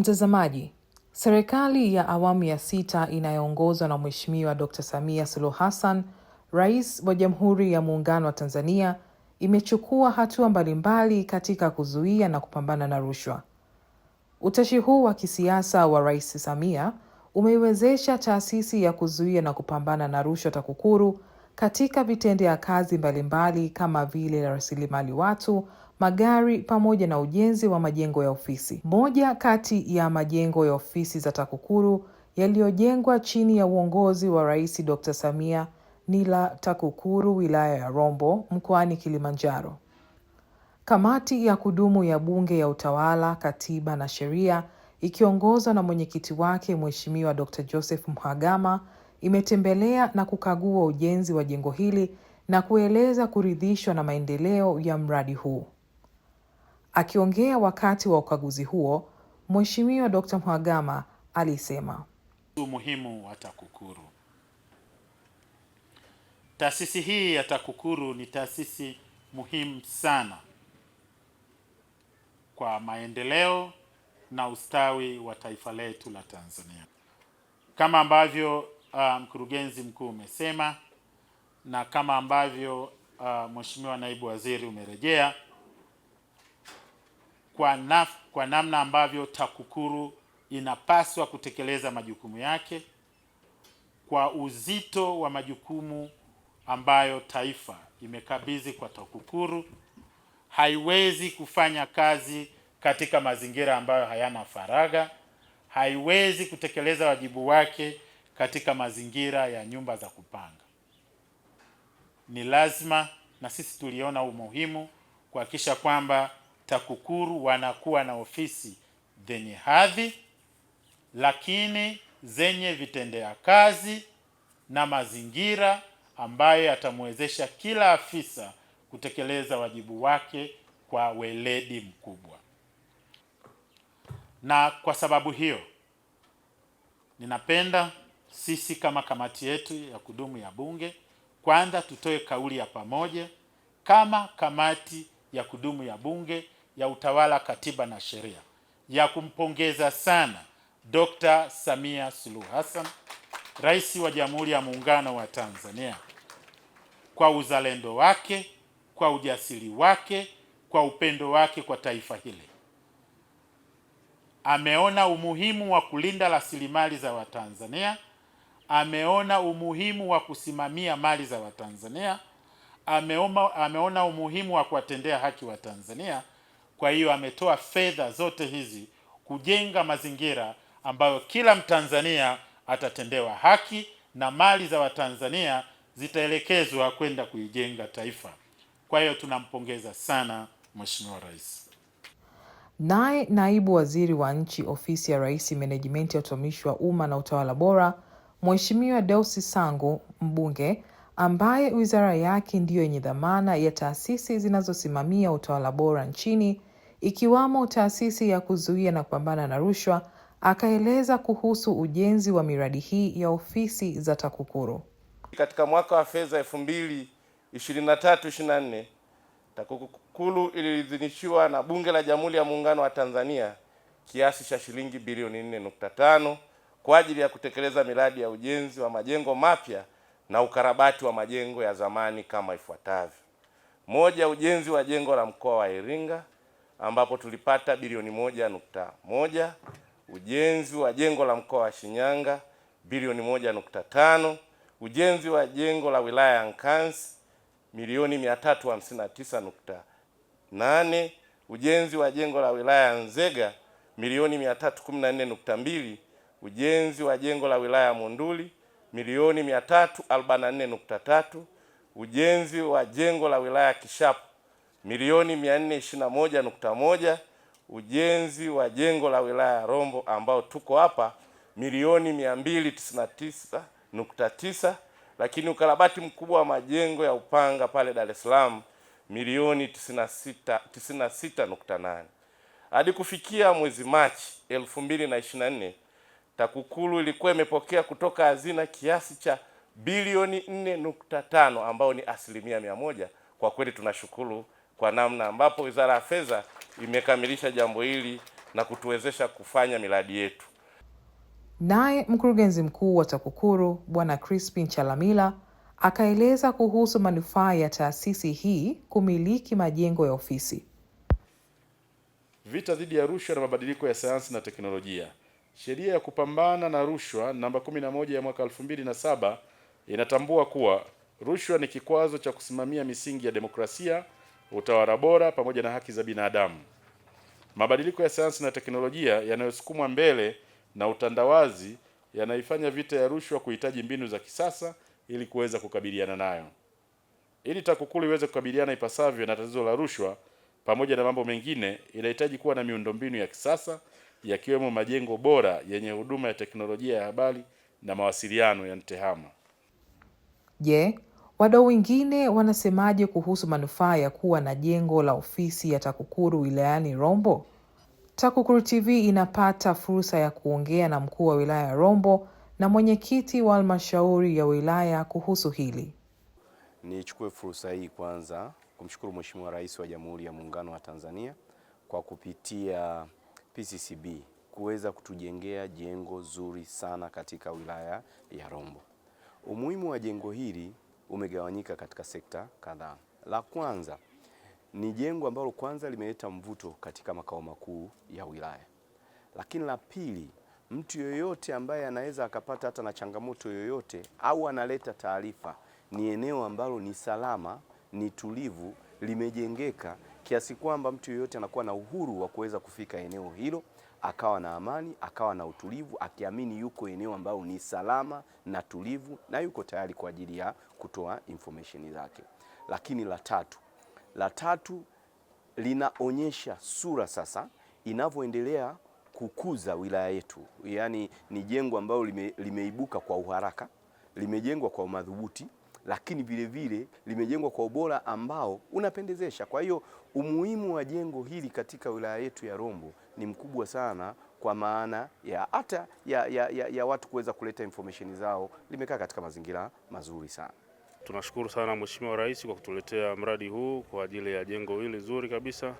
Mtazamaji, serikali ya awamu ya sita inayoongozwa na Mheshimiwa Dkt. Samia Suluhu Hassan, Rais wa Jamhuri ya Muungano wa Tanzania, imechukua hatua mbalimbali katika kuzuia na kupambana na rushwa. Utashi huu wa kisiasa wa Rais Samia umeiwezesha Taasisi ya Kuzuia na Kupambana na Rushwa TAKUKURU katika vitendea kazi mbalimbali kama vile rasilimali watu, magari pamoja na ujenzi wa majengo ya ofisi. Moja kati ya majengo ya ofisi za TAKUKURU yaliyojengwa chini ya uongozi wa Rais Dr. Samia ni la TAKUKURU wilaya ya Rombo mkoani Kilimanjaro. Kamati ya kudumu ya Bunge ya Utawala, Katiba na Sheria ikiongozwa na mwenyekiti wake Mheshimiwa Dr. Joseph Mhagama imetembelea na kukagua ujenzi wa jengo hili na kueleza kuridhishwa na maendeleo ya mradi huu. Akiongea wakati wa ukaguzi huo, Mheshimiwa d Mhagama alisema umuhimu wa TAKUKURU. Taasisi hii ya TAKUKURU ni taasisi muhimu sana kwa maendeleo na ustawi wa taifa letu la Tanzania kama ambavyo uh, mkurugenzi mkuu umesema na kama ambavyo uh, Mheshimiwa naibu waziri umerejea kwa, naf, kwa namna ambavyo TAKUKURU inapaswa kutekeleza majukumu yake kwa uzito wa majukumu ambayo taifa imekabidhi kwa TAKUKURU. Haiwezi kufanya kazi katika mazingira ambayo hayana faragha, haiwezi kutekeleza wajibu wake katika mazingira ya nyumba za kupanga. Ni lazima na sisi tuliona umuhimu kuhakikisha kwamba TAKUKURU wanakuwa na ofisi zenye hadhi lakini zenye vitendea kazi na mazingira ambayo yatamwezesha kila afisa kutekeleza wajibu wake kwa weledi mkubwa. Na kwa sababu hiyo, ninapenda sisi kama kamati yetu ya kudumu ya Bunge kwanza tutoe kauli ya pamoja kama kamati ya kudumu ya Bunge ya Utawala, Katiba na Sheria ya kumpongeza sana Dr. Samia Suluhu Hassan, Rais wa Jamhuri ya Muungano wa Tanzania kwa uzalendo wake, kwa ujasiri wake, kwa upendo wake kwa taifa hili. Ameona umuhimu wa kulinda rasilimali za Watanzania, ameona umuhimu wa kusimamia mali za Watanzania, ameona umuhimu wa kuwatendea haki Watanzania. Kwa hiyo ametoa fedha zote hizi kujenga mazingira ambayo kila Mtanzania atatendewa haki na mali za Watanzania zitaelekezwa kwenda kuijenga taifa. Kwa hiyo tunampongeza sana Mheshimiwa Rais. Naye naibu waziri wa nchi ofisi ya Rais, menejimenti ya utumishi wa umma na utawala bora, mweshimiwa Deusi Sangu mbunge, ambaye wizara yake ndiyo yenye dhamana ya taasisi zinazosimamia utawala bora nchini, ikiwamo taasisi ya kuzuia na kupambana na rushwa, akaeleza kuhusu ujenzi wa miradi hii ya ofisi za TAKUKURU. Katika mwaka wa fedha 2023 TAKUKURU iliidhinishiwa na Bunge la Jamhuri ya Muungano wa Tanzania kiasi cha shilingi bilioni 4.5 kwa ajili ya kutekeleza miradi ya ujenzi wa majengo mapya na ukarabati wa majengo ya zamani kama ifuatavyo: moja, ujenzi wa jengo la mkoa wa Iringa ambapo tulipata bilioni moja nukta moja ujenzi wa jengo la mkoa wa Shinyanga bilioni moja nukta tano ujenzi wa jengo la wilaya ya Nkasi milioni mia tatu hamsini na tisa nukta nane ujenzi wa jengo la wilaya ya Nzega milioni mia tatu kumi na nne nukta mbili ujenzi wa jengo la wilaya ya Monduli milioni mia tatu arobaini na nne nukta tatu ujenzi wa jengo la wilaya ya Kishapu milioni 421.1, ujenzi wa jengo la wilaya ya Rombo ambao tuko hapa milioni 299.9, lakini ukarabati mkubwa wa majengo ya Upanga pale Dar es Salaam milioni 96 96.8. Hadi kufikia mwezi Machi 2024 TAKUKURU ilikuwa imepokea kutoka hazina kiasi cha bilioni 4.5 ambao ni asilimia mia moja. Kwa kweli tunashukuru kwa namna ambapo Wizara ya Fedha imekamilisha jambo hili na kutuwezesha kufanya miradi yetu. Naye mkurugenzi mkuu wa TAKUKURU Bwana Crispin Chalamila akaeleza kuhusu manufaa ya taasisi hii kumiliki majengo ya ofisi. Vita dhidi ya rushwa na mabadiliko ya sayansi na teknolojia. Sheria ya kupambana na rushwa namba 11 ya mwaka 2007 inatambua kuwa rushwa ni kikwazo cha kusimamia misingi ya demokrasia utawala bora pamoja na haki za binadamu. Mabadiliko ya sayansi na teknolojia yanayosukumwa mbele na utandawazi yanaifanya vita ya rushwa kuhitaji mbinu za kisasa ili kuweza kukabiliana nayo. Ili TAKUKURU iweze kukabiliana ipasavyo na tatizo la rushwa pamoja na mambo mengine, inahitaji kuwa na miundombinu ya kisasa yakiwemo majengo bora yenye huduma ya teknolojia ya habari na mawasiliano ya TEHAMA. Je, yeah. Wadau wengine wanasemaje kuhusu manufaa ya kuwa na jengo la ofisi ya TAKUKURU wilayani Rombo? TAKUKURU TV inapata fursa ya kuongea na mkuu wa wilaya ya Rombo na mwenyekiti wa halmashauri ya wilaya kuhusu hili. Nichukue fursa hii kwanza kumshukuru Mheshimiwa Rais wa Jamhuri ya Muungano wa Tanzania kwa kupitia PCCB kuweza kutujengea jengo zuri sana katika wilaya ya Rombo. Umuhimu wa jengo hili umegawanyika katika sekta kadhaa. La kwanza ni jengo ambalo kwanza limeleta mvuto katika makao makuu ya wilaya, lakini la pili, mtu yoyote ambaye anaweza akapata hata na changamoto yoyote au analeta taarifa, ni eneo ambalo ni salama, ni tulivu, limejengeka kiasi kwamba mtu yoyote anakuwa na uhuru wa kuweza kufika eneo hilo akawa na amani, akawa na utulivu, akiamini yuko eneo ambalo ni salama na tulivu, na yuko tayari kwa ajili ya kutoa information zake. Lakini la tatu, la tatu linaonyesha sura sasa inavyoendelea kukuza wilaya yetu, yaani ni jengo ambalo lime, limeibuka kwa uharaka, limejengwa kwa madhubuti lakini vile vile limejengwa kwa ubora ambao unapendezesha. Kwa hiyo umuhimu wa jengo hili katika wilaya yetu ya Rombo ni mkubwa sana kwa maana ya hata ya, ya, ya, ya watu kuweza kuleta information zao, limekaa katika mazingira mazuri sana. Tunashukuru sana Mheshimiwa Rais kwa kutuletea mradi huu kwa ajili ya jengo hili zuri kabisa.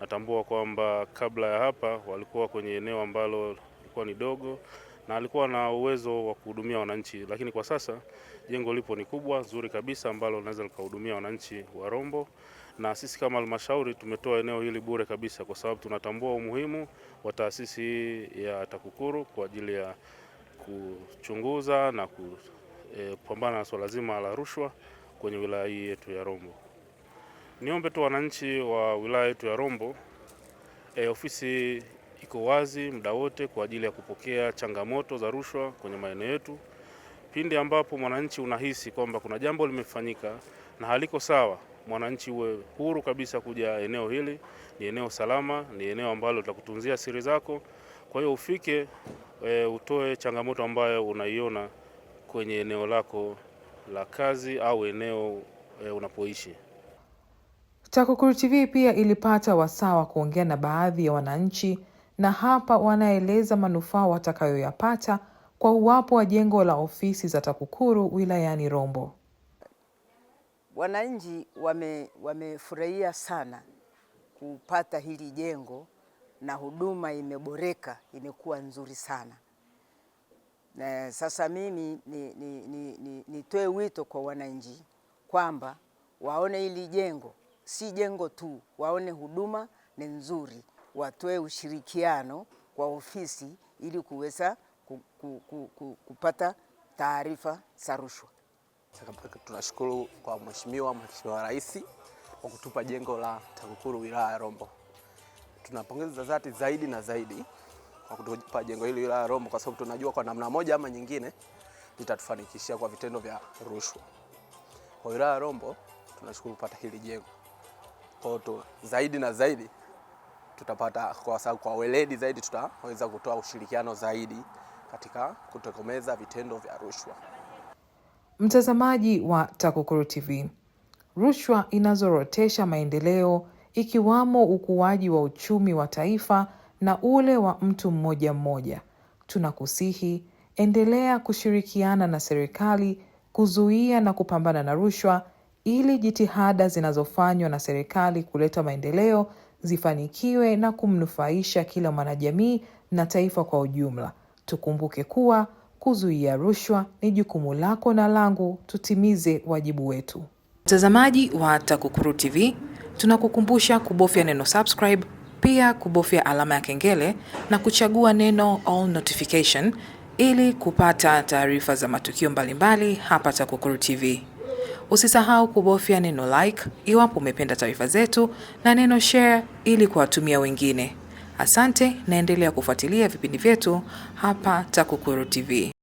Natambua kwamba kabla ya hapa walikuwa kwenye eneo ambalo lilikuwa ni dogo na alikuwa na uwezo wa kuhudumia wananchi, lakini kwa sasa jengo lipo ni kubwa zuri kabisa ambalo linaweza likahudumia wananchi wa Rombo, na sisi kama halmashauri tumetoa eneo hili bure kabisa, kwa sababu tunatambua umuhimu wa taasisi hii ya TAKUKURU kwa ajili ya kuchunguza na e, kupambana na swala zima la rushwa kwenye wilaya hii yetu ya Rombo. Niombe tu wananchi wa wilaya yetu ya Rombo, e, ofisi iko wazi muda wote kwa ajili ya kupokea changamoto za rushwa kwenye maeneo yetu. Pindi ambapo mwananchi unahisi kwamba kuna jambo limefanyika na haliko sawa, mwananchi uwe huru kabisa kuja eneo hili. Ni eneo salama, ni eneo ambalo tutakutunzia siri zako. Kwa hiyo ufike, e, utoe changamoto ambayo unaiona kwenye eneo lako la kazi au eneo e, unapoishi. TAKUKURU TV pia ilipata wasaa wa kuongea na baadhi ya wananchi na hapa wanaeleza manufaa watakayoyapata kwa uwapo wa jengo la ofisi za TAKUKURU wilayani Rombo. Wananchi wame, wamefurahia sana kupata hili jengo na huduma imeboreka, imekuwa nzuri sana. Na sasa mimi nitoe ni, ni, ni, ni wito kwa wananchi kwamba waone hili jengo si jengo tu, waone huduma ni nzuri watoe ushirikiano kwa ofisi ili kuweza kupata taarifa za rushwa. Tunashukuru kwa Mheshimiwa Mheshimiwa Rais kwa kutupa jengo la TAKUKURU wilaya ya Rombo. Tunapongeza dhati zaidi na zaidi kwa kutupa jengo hili wilaya ya Rombo, kwa sababu tunajua kwa namna moja ama nyingine litatufanikishia kwa vitendo vya rushwa kwa wilaya ya Rombo. Tunashukuru kupata hili jengo kwa zaidi na zaidi tutapata kwa sababu kwa weledi zaidi tutaweza kutoa ushirikiano zaidi katika kutokomeza vitendo vya rushwa. Mtazamaji wa TAKUKURU TV, rushwa inazorotesha maendeleo ikiwamo ukuaji wa uchumi wa taifa na ule wa mtu mmoja mmoja. Tunakusihi, endelea kushirikiana na serikali kuzuia na kupambana na rushwa ili jitihada zinazofanywa na serikali kuleta maendeleo zifanikiwe na kumnufaisha kila mwanajamii na taifa kwa ujumla. Tukumbuke kuwa kuzuia rushwa ni jukumu lako na langu, tutimize wajibu wetu. Mtazamaji wa TAKUKURU TV, tunakukumbusha kubofya neno subscribe, pia kubofya alama ya kengele na kuchagua neno all notification ili kupata taarifa za matukio mbalimbali hapa TAKUKURU TV. Usisahau kubofya neno like iwapo umependa taarifa zetu na neno share ili kuwatumia wengine. Asante, naendelea kufuatilia vipindi vyetu hapa TAKUKURU TV.